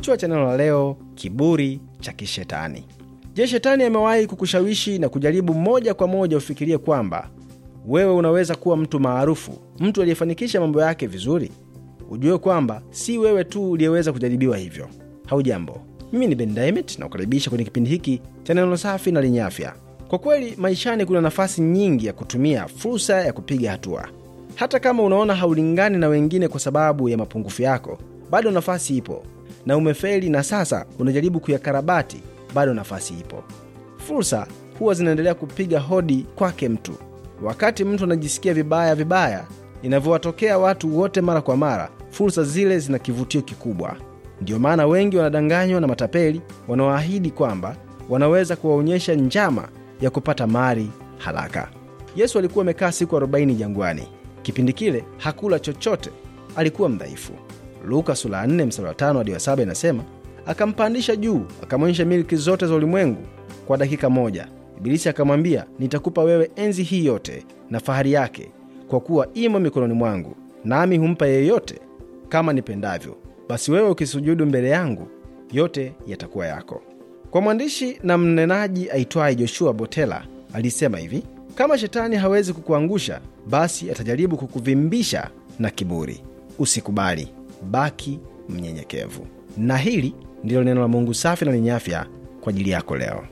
Kichwa cha neno la leo: kiburi cha kishetani. Je, shetani amewahi kukushawishi na kujaribu moja kwa moja ufikirie kwamba wewe unaweza kuwa mtu maarufu, mtu aliyefanikisha mambo yake vizuri? Ujue kwamba si wewe tu uliyeweza kujaribiwa hivyo. Haujambo, mimi ni Ben dimet na kukaribisha kwenye kipindi hiki cha neno safi na lenye afya. Kwa kweli, maishani kuna nafasi nyingi ya kutumia fursa ya kupiga hatua. Hata kama unaona haulingani na wengine kwa sababu ya mapungufu yako, bado nafasi ipo na umefeli na sasa unajaribu kuyakarabati, bado nafasi ipo. Fursa huwa zinaendelea kupiga hodi kwake mtu. Wakati mtu anajisikia vibaya vibaya, inavyowatokea watu wote mara kwa mara, fursa zile zina kivutio kikubwa. Ndiyo maana wengi wanadanganywa na matapeli wanaoahidi kwamba wanaweza kuwaonyesha njama ya kupata mali haraka. Yesu alikuwa amekaa siku arobaini jangwani. Kipindi kile hakula chochote, alikuwa mdhaifu. Luka sura 4 mstari wa 5 hadi wa 7 inasema, akampandisha juu akamwonyesha milki zote za ulimwengu kwa dakika moja. Ibilisi akamwambia, nitakupa wewe enzi hii yote na fahari yake, kwa kuwa imo mikononi mwangu, nami humpa yeyote kama nipendavyo. Basi wewe ukisujudu mbele yangu, yote yatakuwa yako. Kwa mwandishi na mnenaji aitwaye Joshua Botela alisema hivi, kama shetani hawezi kukuangusha, basi atajaribu kukuvimbisha na kiburi. Usikubali baki mnyenyekevu. Na hili ndilo neno la Mungu safi na lenye afya kwa ajili yako leo.